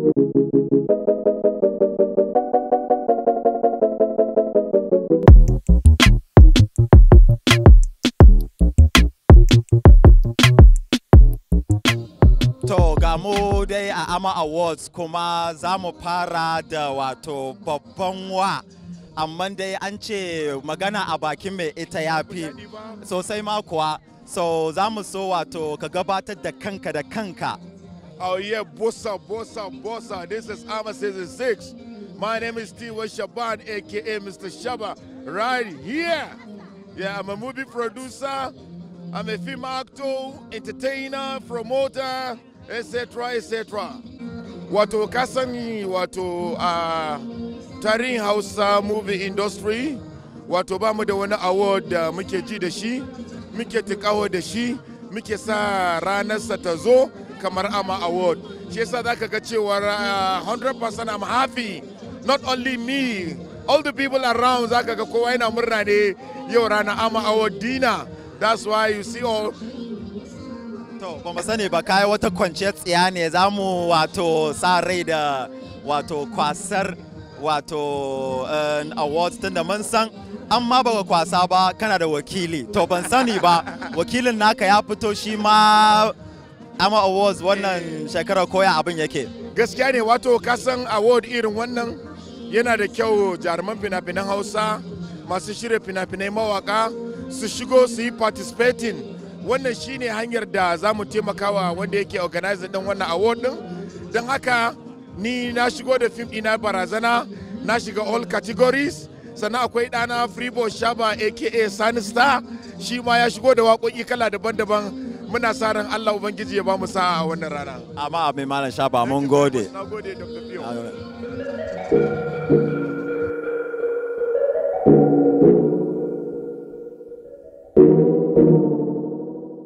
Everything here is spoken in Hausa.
To ga mu dai a Ama Awards kuma za mu fara da wato babban wa. Amma dai an ce magana a bakin mai ita ya fi sosai ma kuwa. So za mu so wato ka gabatar da kanka da kanka. Oh yeah, bossa, bossa, bossa. This is Ama Season 6. My name is Tiwa Shaban, aka Mr. Shaba, right here. Yeah, I'm a movie producer. I'm a film actor, entertainer, promoter, etc., etc. Wato kasani wato a uh, tarin Hausa movie industry wato ba mu da wani award uh, muke ji da shi, muke tikawo da shi, muke sa ranarsa ta zo. kamar ama award shi yasa zaka ga cewar 100% uh, i'm happy not only me all the people around zaka ga kowa yana murna ne yau rana ama award dina that's why you see all to ba mu sani ba kai wata kwanciyar tsiya ne zamu wato sa rai da wato kwasar wato uh, awards tun da mun san amma ba ga kwasa ba kana da wakili to ban sani ba wakilin naka ya fito shi ma ama awards wannan shekarar koya abin yake gaskiya ne wato kasan award irin wannan yana da kyau jaruman fina-finan hausa masu shirya fina-finai mawaka su shigo su yi participating wannan shine hanyar da za mu taimakawa wanda yake organize din wannan award din don haka ni na shigo da fim ina barazana na shiga all categories sannan akwai ɗana freeboard shaba aka sani shi ma ya shigo da waƙoƙi kala daban-daban muna sa ran Allah ubangiji ya ba mu sa'a a wannan rana amma mai malam shafa mun gode